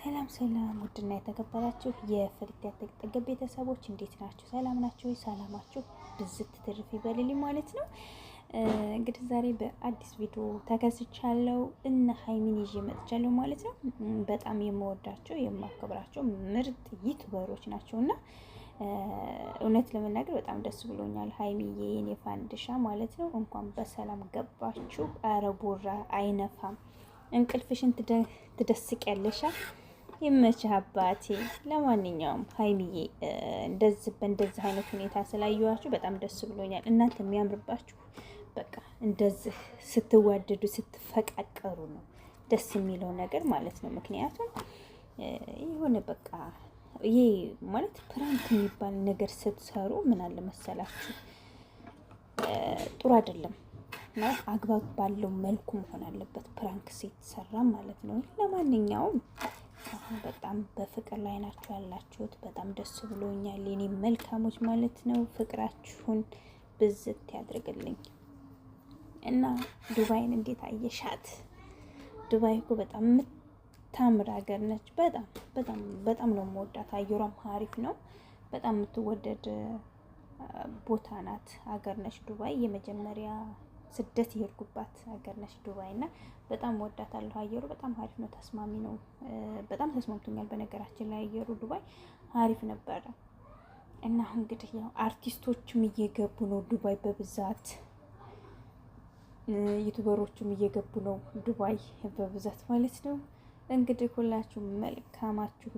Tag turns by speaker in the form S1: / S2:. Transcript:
S1: ሰላም ሰላም፣ ውድና የተከበራችሁ የፍርድ ጥገብ ቤተሰቦች እንዴት ናችሁ? ሰላም ናችሁ? ሰላማችሁ ብዝት ትርፍ ይበልልኝ ማለት ነው። እንግዲህ ዛሬ በአዲስ ቪዲዮ ተከስቻለሁ እና ሀይሚን ይዤ መጥቻለሁ ማለት ነው። በጣም የምወዳቸው የማከብራቸው ምርጥ ዩቱበሮች ናቸው እና እውነት ለመናገር በጣም ደስ ብሎኛል። ሀይሚዬ የኔ ፋንድሻ ማለት ነው። እንኳን በሰላም ገባችሁ። አረ ቦራ አይነፋም። እንቅልፍሽን ትደስቅ ያለሻል ይመችህ አባቴ። ለማንኛውም ሀይሚዬ እንደዚህ በእንደዚህ አይነት ሁኔታ ስላየኋችሁ በጣም ደስ ብሎኛል። እናንተ የሚያምርባችሁ በቃ እንደዚህ ስትዋደዱ ስትፈቃቀሩ ነው ደስ የሚለው ነገር ማለት ነው። ምክንያቱም የሆነ በቃ ይሄ ማለት ፕራንክ የሚባል ነገር ስትሰሩ ምን አለ መሰላችሁ ጥሩ አይደለም ማለት አግባብ ባለው መልኩ መሆን አለበት ፕራንክ ሲሰራ ማለት ነው። ለማንኛውም አሁን በጣም በፍቅር ላይ ናችሁ ያላችሁት። በጣም ደስ ብሎኛል የኔ መልካሞች ማለት ነው። ፍቅራችሁን ብዝት ያድርግልኝ እና ዱባይን እንዴት አየሻት? ዱባይ እኮ በጣም የምታምር ሀገር ነች። በጣም በጣም በጣም ነው የምወዳት። አየሯም አሪፍ ነው። በጣም የምትወደድ ቦታ ናት፣ ሀገር ነች ዱባይ የመጀመሪያ ስደት የሄድኩባት ሀገር ነች ዱባይ እና በጣም ወዳታለሁ። አየሩ በጣም አሪፍ ነው፣ ተስማሚ ነው። በጣም ተስማምቶኛል። በነገራችን ላይ አየሩ ዱባይ አሪፍ ነበረ እና እንግዲህ ያው አርቲስቶችም እየገቡ ነው ዱባይ በብዛት ዩቱበሮቹም እየገቡ ነው ዱባይ በብዛት ማለት ነው። እንግዲህ ሁላችሁ መልካማችሁ